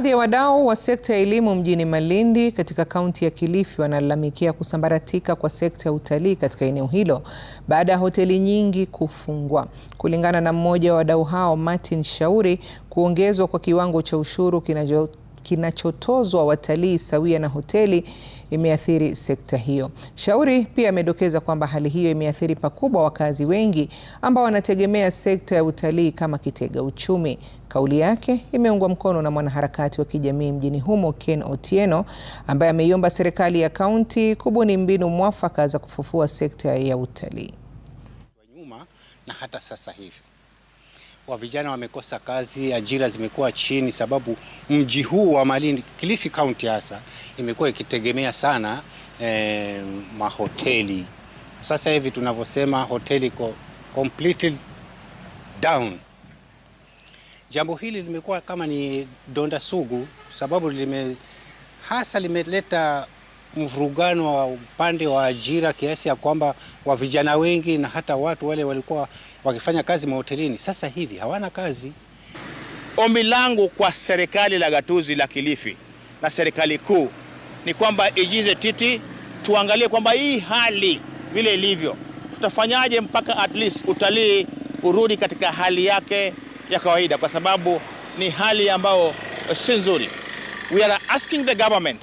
Baadhi ya wadau wa sekta ya elimu mjini Malindi katika kaunti ya Kilifi wanalalamikia kusambaratika kwa sekta ya utalii katika eneo hilo baada ya hoteli nyingi kufungwa. Kulingana na mmoja wa wadau hao, Martin Shauri, kuongezwa kwa kiwango cha ushuru kinachotozwa watalii sawia na hoteli imeathiri sekta hiyo. Shauri pia amedokeza kwamba hali hiyo imeathiri pakubwa wakazi wengi ambao wanategemea sekta ya utalii kama kitega uchumi. Kauli yake imeungwa mkono na mwanaharakati wa kijamii mjini humo Ken Otieno ambaye ameiomba serikali ya kaunti kubuni mbinu mwafaka za kufufua sekta ya utalii nyuma na hata sasa hivi wa vijana wamekosa kazi, ajira zimekuwa chini, sababu mji huu wa Malindi, Kilifi County hasa imekuwa ikitegemea sana eh, mahoteli. Sasa hivi tunavyosema hoteli iko completely down. Jambo hili limekuwa kama ni donda sugu, sababu lime hasa limeleta mvurugano wa upande wa ajira kiasi ya kwamba wa vijana wengi na hata watu wale walikuwa wakifanya kazi mahotelini sasa hivi hawana kazi. Ombi langu kwa serikali la gatuzi la Kilifi na serikali kuu ni kwamba ijize titi, tuangalie kwamba hii hali vile ilivyo, tutafanyaje mpaka at least utalii urudi katika hali yake ya kawaida, kwa sababu ni hali ambayo si nzuri. We are asking the government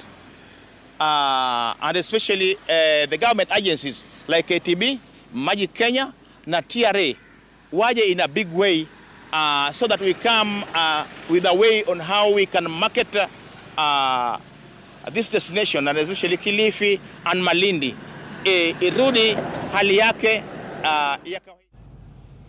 uh, and especially uh, the government agencies like ATB, maji Kenya na TRA waje in a big way uh, so that we come uh, with a way on how we can market uh, this destination and especially Kilifi and Malindi irudi e, hali yake uh, ya